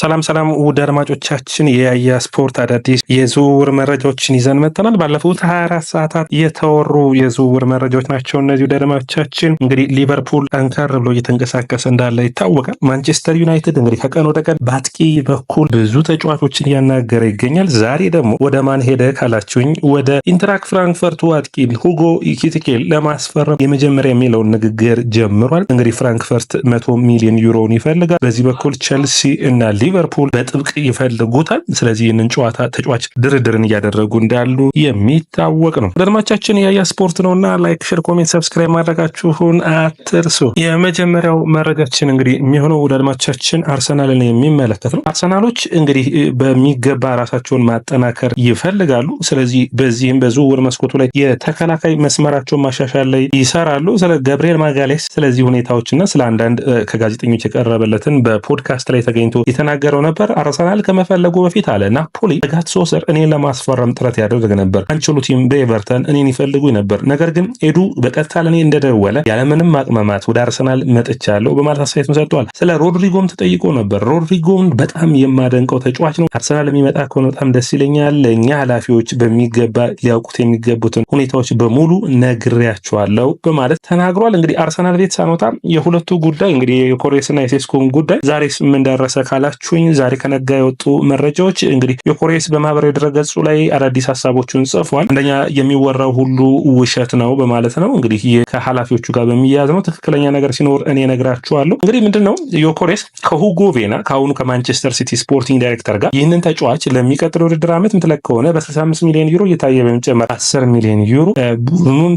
ሰላም ሰላም ውድ አድማጮቻችን የያ ስፖርት አዳዲስ የዝውውር መረጃዎችን ይዘን መጥተናል። ባለፉት 24 ሰዓታት የተወሩ የዝውውር መረጃዎች ናቸው እነዚህ። ውድ አድማጮቻችን እንግዲህ ሊቨርፑል ጠንከር ብሎ እየተንቀሳቀሰ እንዳለ ይታወቃል። ማንቸስተር ዩናይትድ እንግዲህ ከቀን ወደ ቀን በአጥቂ በኩል ብዙ ተጫዋቾችን እያናገረ ይገኛል። ዛሬ ደግሞ ወደ ማን ሄደ ካላችሁኝ ወደ ኢንትራክ ፍራንክፈርቱ አጥቂ ሁጎ ኢኪቲኬል ለማስፈረም የመጀመሪያ የሚለውን ንግግር ጀምሯል። እንግዲህ ፍራንክፈርት መቶ ሚሊዮን ዩሮውን ይፈልጋል። በዚህ በኩል ቸልሲ እና ሊቨርፑል በጥብቅ ይፈልጉታል። ስለዚህ ይህንን ጨዋታ ተጫዋች ድርድርን እያደረጉ እንዳሉ የሚታወቅ ነው። አድማቻችን የያ ስፖርት ነውና ላይክ፣ ሼር፣ ኮሜንት፣ ሰብስክራይብ ማድረጋችሁን አትርሱ። የመጀመሪያው መረጃችን እንግዲህ የሚሆነው ወደ አርሰናልን የሚመለከት ነው። አርሰናሎች እንግዲህ በሚገባ ራሳቸውን ማጠናከር ይፈልጋሉ። ስለዚህ በዚህም በዝውውር መስኮቱ ላይ የተከላካይ መስመራቸውን ማሻሻል ላይ ይሰራሉ። ስለ ገብርኤል ማጋሌስ ስለዚህ ሁኔታዎችና ስለ አንዳንድ ከጋዜጠኞች የቀረበለትን በፖድካስት ላይ ተገኝቶ የተናገ ሲናገረው ነበር። አርሰናል ከመፈለጉ በፊት አለ ናፖሊ ጋት ሶሰር እኔን ለማስፈረም ጥረት ያደርግ ነበር። አንቸሎቲም በኤቨርተን እኔን ይፈልጉ ነበር። ነገር ግን ኤዱ በቀጥታ ለእኔ እንደደወለ ያለምንም ማቅመማት ወደ አርሰናል መጥቻለሁ በማለት አስተያየቱን ሰጥቷል። ስለ ሮድሪጎም ተጠይቆ ነበር። ሮድሪጎም በጣም የማደንቀው ተጫዋች ነው። አርሰናል የሚመጣ ከሆነ በጣም ደስ ይለኛል። ለእኛ ኃላፊዎች በሚገባ ሊያውቁት የሚገቡትን ሁኔታዎች በሙሉ ነግሬያቸዋለሁ በማለት ተናግሯል። እንግዲህ አርሰናል ቤት ሳኖታ የሁለቱ ጉዳይ እንግዲህ የኮሬስና የሴስኮን ጉዳይ ዛሬስ ምን ደረሰ ካላችሁ ቹኝ ዛሬ ከነጋ የወጡ መረጃዎች እንግዲህ የኮሬስ በማህበራዊ ድረገጹ ላይ አዳዲስ ሀሳቦችን ጽፏል። አንደኛ የሚወራው ሁሉ ውሸት ነው በማለት ነው። እንግዲህ ይህ ከኃላፊዎቹ ጋር በሚያያዝ ነው። ትክክለኛ ነገር ሲኖር እኔ እነግራችኋለሁ። እንግዲህ ምንድን ነው ዮኮሬስ ከሁጎ ቬና ከአሁኑ ከማንቸስተር ሲቲ ስፖርቲንግ ዳይሬክተር ጋር ይህንን ተጫዋች ለሚቀጥለው ውድድር ዓመት ምትለቅ ከሆነ በ65 ሚሊዮን ዩሮ እየታየ በሚጨመር 10 ሚሊዮን ዩሮ ቡድኑን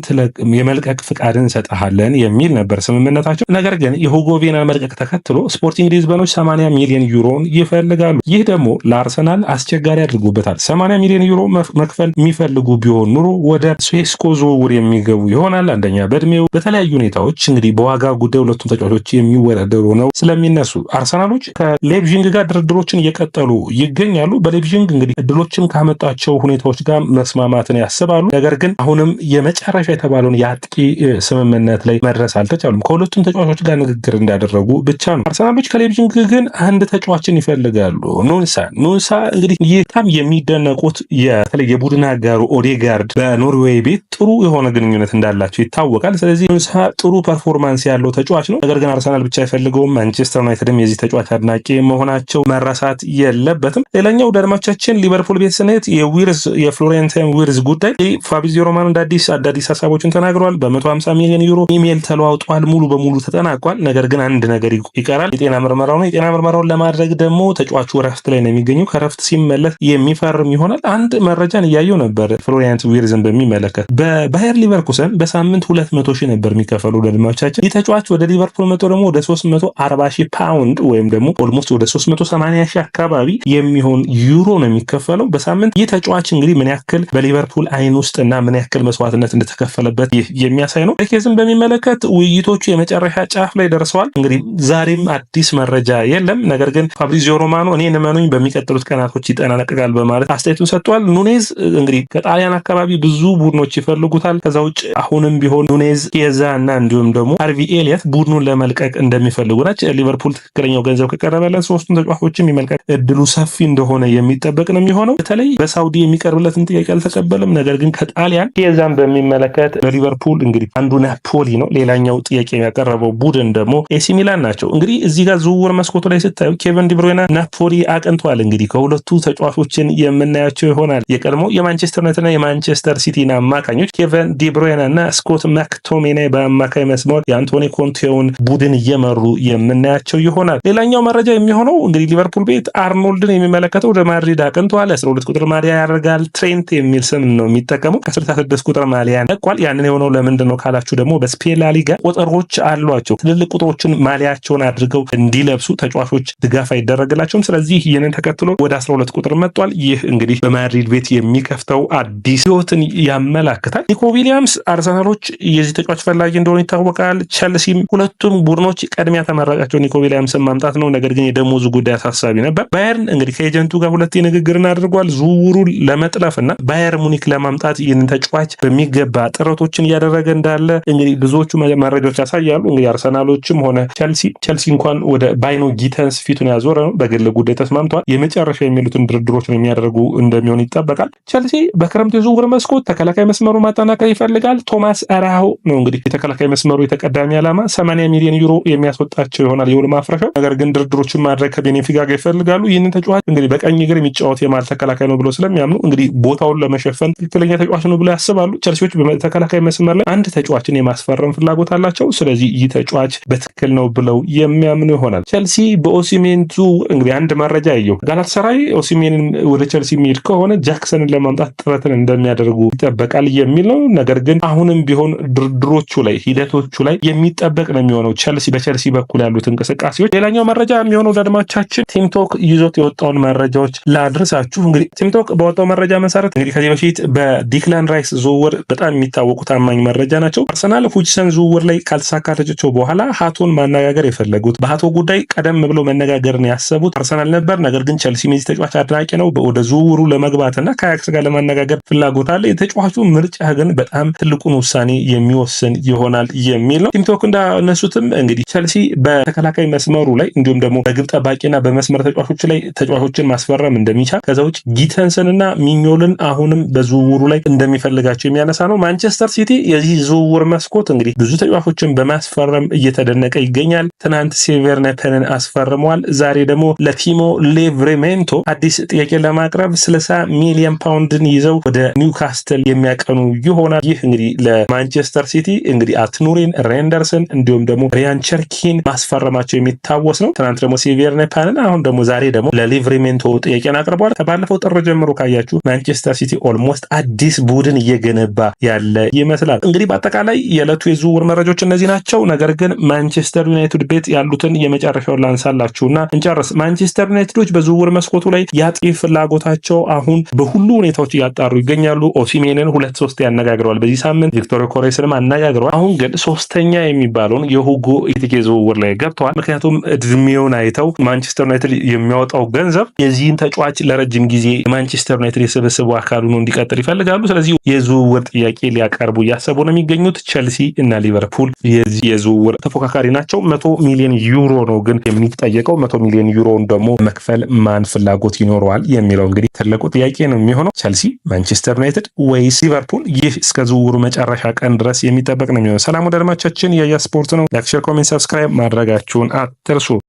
የመልቀቅ ፍቃድ እንሰጠሃለን የሚል ነበር ስምምነታቸው። ነገር ግን የሁጎ ቬናን መልቀቅ ተከትሎ ስፖርቲንግ ሊዝበኖች 80 ሚሊዮን ዩሮ እንዲሆን ይፈልጋሉ። ይህ ደግሞ ለአርሰናል አስቸጋሪ አድርጎበታል። 80 ሚሊዮን ዩሮ መክፈል የሚፈልጉ ቢሆን ኑሮ ወደ ሴስኮ ዝውውር የሚገቡ ይሆናል። አንደኛ በእድሜው በተለያዩ ሁኔታዎች እንግዲህ በዋጋ ጉዳይ ሁለቱም ተጫዋቾች የሚወዳደሩ ነው ስለሚነሱ አርሰናሎች ከሌብዥንግ ጋር ድርድሮችን እየቀጠሉ ይገኛሉ። በሌብዥንግ እንግዲህ እድሎችን ካመጣቸው ሁኔታዎች ጋር መስማማትን ያስባሉ። ነገር ግን አሁንም የመጨረሻ የተባለውን የአጥቂ ስምምነት ላይ መድረስ አልተቻሉም። ከሁለቱም ተጫዋቾች ጋር ንግግር እንዳደረጉ ብቻ ነው። አርሰናሎች ከሌብዥንግ ግን አንድ ተጫዋች ተጫዋቾችን ይፈልጋሉ። ኖንሳ ኖንሳ እንግዲህ በጣም የሚደነቁት በተለይ የቡድን አጋሩ ኦዴጋርድ በኖርዌይ ቤት ጥሩ የሆነ ግንኙነት እንዳላቸው ይታወቃል። ስለዚህ ኖንሳ ጥሩ ፐርፎርማንስ ያለው ተጫዋች ነው። ነገር ግን አርሰናል ብቻ አይፈልገውም። ማንቸስተር ዩናይትድም የዚህ ተጫዋች አድናቂ መሆናቸው መረሳት የለበትም። ሌላኛው ዳድማቻችን ሊቨርፑል ቤት ስንሄድ የዊርዝ የፍሎሬንታይን ዊርዝ ጉዳይ ፋቢዚዮ ሮማኖ እንዳዲስ አዳዲስ ሀሳቦችን ተናግረዋል። በ150 ሚሊዮን ዩሮ ኢሜል ተለዋውጧል። ሙሉ በሙሉ ተጠናቋል። ነገር ግን አንድ ነገር ይቀራል። የጤና ምርመራው ነው። የጤና ምርመራውን ለማድረግ ይህ ደግሞ ተጫዋቹ ረፍት ላይ ነው የሚገኘው። ከረፍት ሲመለስ የሚፈርም ይሆናል። አንድ መረጃን እያየው ነበር ፍሎሪያንት ዊርዝን በሚመለከት በባየር ሊቨርኩሰን በሳምንት ሁለት መቶ ሺህ ነበር የሚከፈሉ ለድማዎቻችን። ይህ ተጫዋች ወደ ሊቨርፑል መቶ ደግሞ ወደ 340 ሺህ ፓውንድ ወይም ደግሞ ኦልሞስት ወደ 380 መቶ ሺህ አካባቢ የሚሆን ዩሮ ነው የሚከፈለው በሳምንት። ይህ ተጫዋች እንግዲህ ምን ያክል በሊቨርፑል አይን ውስጥና ምን ያክል መስዋዕትነት እንደተከፈለበት ይህ የሚያሳይ ነው። ኬዝን በሚመለከት ውይይቶቹ የመጨረሻ ጫፍ ላይ ደርሰዋል። እንግዲህ ዛሬም አዲስ መረጃ የለም። ነገር ግን ፋብሪዚዮ ሮማኖ እኔን እመኑኝ በሚቀጥሉት ቀናቶች ይጠናቀቃል በማለት አስተያየቱን ሰጥቷል። ኑኔዝ እንግዲህ ከጣሊያን አካባቢ ብዙ ቡድኖች ይፈልጉታል። ከዛ ውጭ አሁንም ቢሆን ኑኔዝ፣ ኬዛ እና እንዲሁም ደግሞ አርቪ ኤሊያት ቡድኑን ለመልቀቅ እንደሚፈልጉ ናቸው። ሊቨርፑል ትክክለኛው ገንዘብ ከቀረበለት ሶስቱን ተጫዋቾችም የመልቀቅ እድሉ ሰፊ እንደሆነ የሚጠበቅ ነው የሚሆነው። በተለይ በሳውዲ የሚቀርብለትን ጥያቄ አልተቀበልም። ነገር ግን ከጣሊያን ኬዛን በሚመለከት ለሊቨርፑል እንግዲህ አንዱ ናፖሊ ነው። ሌላኛው ጥያቄ ያቀረበው ቡድን ደግሞ ኤሲ ሚላን ናቸው። እንግዲህ እዚህ ጋር ዝውውር መስኮቱ ላይ ስታዩ ኬቨን ዲብሮይና ናፖሊ አቅንቷል። እንግዲህ ከሁለቱ ተጫዋቾችን የምናያቸው ይሆናል። የቀድሞ የማንቸስተር ዩናይትድና የማንቸስተር ሲቲን አማካኞች ኬቨን ዲብሮይና እና ስኮት ማክቶሚናይ በአማካይ መስመር የአንቶኒ ኮንቴውን ቡድን እየመሩ የምናያቸው ይሆናል። ሌላኛው መረጃ የሚሆነው እንግዲህ ሊቨርፑል ቤት አርኖልድን የሚመለከተው ወደ ማድሪድ አቅንቷል። አስራ ሁለት ቁጥር ማሊያ ያደርጋል። ትሬንት የሚል ስም ነው የሚጠቀመው። ከስልሳ ስድስት ቁጥር ማሊያ ነቋል። ያንን የሆነው ለምንድን ነው ካላችሁ ደግሞ በስፔን ላሊጋ ቁጥሮች አሏቸው። ትልልቅ ቁጥሮችን ማሊያቸውን አድርገው እንዲለብሱ ተጫዋቾች ድጋፍ አይደረግላቸውም። ስለዚህ ይህንን ተከትሎ ወደ 12 ቁጥር መጥቷል። ይህ እንግዲህ በማድሪድ ቤት የሚከፍተው አዲስ ህይወትን ያመላክታል። ኒኮ ዊሊያምስ አርሰናሎች የዚህ ተጫዋች ፈላጊ እንደሆኑ ይታወቃል። ቸልሲም ሁለቱም ቡድኖች ቀድሚያ ተመራጫቸው ኒኮ ዊሊያምስን ማምጣት ነው። ነገር ግን የደሞዙ ጉዳይ አሳሳቢ ነበር። ባየርን እንግዲህ ከኤጀንቱ ጋር ሁለት ንግግርን አድርጓል። ዝውውሩ ለመጥለፍ እና ባየር ሙኒክ ለማምጣት ይህንን ተጫዋች በሚገባ ጥረቶችን እያደረገ እንዳለ እንግዲህ ብዙዎቹ መረጃዎች ያሳያሉ። እንግዲህ አርሰናሎችም ሆነ ቸልሲ ቸልሲ እንኳን ወደ ባይኖ ጊተንስ ፊቱን ያዞ እየዞረ ነው። በግል ጉዳይ ተስማምተዋል። የመጨረሻ የሚሉትን ድርድሮች ነው የሚያደርጉ እንደሚሆን ይጠበቃል። ቸልሲ በክረምት የዝውውር መስኮት ተከላካይ መስመሩ ማጠናከር ይፈልጋል። ቶማስ አራሆ ነው እንግዲህ የተከላካይ መስመሩ የተቀዳሚ ዓላማ 80 ሚሊዮን ዩሮ የሚያስወጣቸው ይሆናል የውል ማፍረሻው። ነገር ግን ድርድሮችን ማድረግ ከቤኔፊካ ጋር ይፈልጋሉ። ይህንን ተጫዋች እንግዲህ በቀኝ እግር የሚጫወት የማል ተከላካይ ነው ብሎ ስለሚያምኑ እንግዲህ ቦታውን ለመሸፈን ትክክለኛ ተጫዋች ነው ብሎ ያስባሉ። ቸልሲዎች በተከላካይ መስመር ላይ አንድ ተጫዋችን የማስፈረም ፍላጎት አላቸው። ስለዚህ ይህ ተጫዋች በትክክል ነው ብለው የሚያምኑ ይሆናል። ቸልሲ በኦሲሜንቱ እንግዲህ አንድ መረጃ ያየው ጋላትሰራይ ኦሲሜንን ወደ ቸልሲ የሚሄድ ከሆነ ጃክሰንን ለማምጣት ጥረትን እንደሚያደርጉ ይጠበቃል የሚል ነው። ነገር ግን አሁንም ቢሆን ድርድሮቹ ላይ ሂደቶቹ ላይ የሚጠበቅ ነው የሚሆነው ቸልሲ በቸልሲ በኩል ያሉት እንቅስቃሴዎች። ሌላኛው መረጃ የሚሆነው ለአድማቻችን ቲምቶክ ይዞት የወጣውን መረጃዎች ላድርሳችሁ። እንግዲህ ቲምቶክ በወጣው መረጃ መሰረት እንግዲህ ከዚህ በፊት በዲክላን ራይስ ዝውውር በጣም የሚታወቁ ታማኝ መረጃ ናቸው። አርሰናል ሁጅሰን ዝውውር ላይ ካልተሳካላቸው በኋላ ሀቶን ማነጋገር የፈለጉት በሀቶ ጉዳይ ቀደም ብሎ መነጋገርን ያሰቡት አርሰናል ነበር። ነገር ግን ቸልሲ የዚህ ተጫዋች አድናቂ ነው። ወደ ዝውውሩ ለመግባትና ከአያክስ ጋር ለማነጋገር ፍላጎት አለ። የተጫዋቹ ምርጫ ግን በጣም ትልቁን ውሳኔ የሚወስን ይሆናል የሚል ነው። ቲምቶክ እንዳነሱትም እንግዲህ ቸልሲ በተከላካይ መስመሩ ላይ እንዲሁም ደግሞ በግብ ጠባቂና በመስመር ተጫዋቾች ላይ ተጫዋቾችን ማስፈረም እንደሚቻል ከዛ ውጭ ጊተንስንና ሚኞልን አሁንም በዝውውሩ ላይ እንደሚፈልጋቸው የሚያነሳ ነው። ማንቸስተር ሲቲ የዚህ ዝውውር መስኮት እንግዲህ ብዙ ተጫዋቾችን በማስፈረም እየተደነቀ ይገኛል። ትናንት ሴቨርነተንን አስፈርመዋል። ዛሬ በተጨማሪ ደግሞ ለቲሞ ሌቭሬሜንቶ አዲስ ጥያቄ ለማቅረብ 60 ሚሊዮን ፓውንድን ይዘው ወደ ኒውካስትል የሚያቀኑ ይሆናል። ይህ እንግዲህ ለማንቸስተር ሲቲ እንግዲህ አትኑሪን ሬንደርስን እንዲሁም ደግሞ ሪያን ቸርኪን ማስፈረማቸው የሚታወስ ነው። ትናንት ደግሞ ሴቪየር ኔፓልን አሁን ደግሞ ዛሬ ደግሞ ለሊቨርሜንቶ ጥያቄን አቅርበዋል። ከባለፈው ጥር ጀምሮ ካያችሁ ማንቸስተር ሲቲ ኦልሞስት አዲስ ቡድን እየገነባ ያለ ይመስላል። እንግዲህ በአጠቃላይ የዕለቱ የዝውውር መረጃዎች እነዚህ ናቸው። ነገር ግን ማንቸስተር ዩናይትድ ቤት ያሉትን የመጨረሻውን ላንሳላችሁና እንጨርስ። ማንቸስተር ዩናይትዶች በዝውውር መስኮቱ ላይ የአጥቂ ፍላጎታቸው አሁን በሁሉ ሁኔታዎች እያጣሩ ይገኛሉ። ኦሲሜንን ሁለት ሶስት ያነጋግረዋል በዚህ ሳምንት ቪክቶር ኮሬስንም አነጋግረዋል። አሁን ግን ሶስተኛ የሚባለውን የሁጎ ኢቲኬ ዝውውር ላይ ገብተዋል። ምክንያቱም እድሜውን አይተው ማንቸስተር ዩናይትድ የሚያወጣው ገንዘብ የዚህን ተጫዋች ለረጅም ጊዜ የማንቸስተር ዩናይትድ የስብስቡ አካል ሆኖ እንዲቀጥል ይፈልጋሉ። ስለዚህ የዝውውር ጥያቄ ሊያቀርቡ እያሰቡ ነው የሚገኙት። ቸልሲ እና ሊቨርፑል የዚህ የዝውውር ተፎካካሪ ናቸው። መቶ ሚሊዮን ዩሮ ነው ግን የሚጠየቀው መቶ ሚሊዮን ዩሮን ደግሞ መክፈል ማን ፍላጎት ይኖረዋል የሚለው እንግዲህ ትልቁ ጥያቄ ነው የሚሆነው። ቸልሲ፣ ማንቸስተር ዩናይትድ ወይስ ሊቨርፑል? ይህ እስከ ዝውውሩ መጨረሻ ቀን ድረስ የሚጠበቅ ነው የሚሆነው። ሰላም ወደ አድማቻችን የየስፖርት ነው። ላይክ፣ ሼር፣ ኮሜንት፣ ሰብስክራይብ ማድረጋችሁን አትርሱ።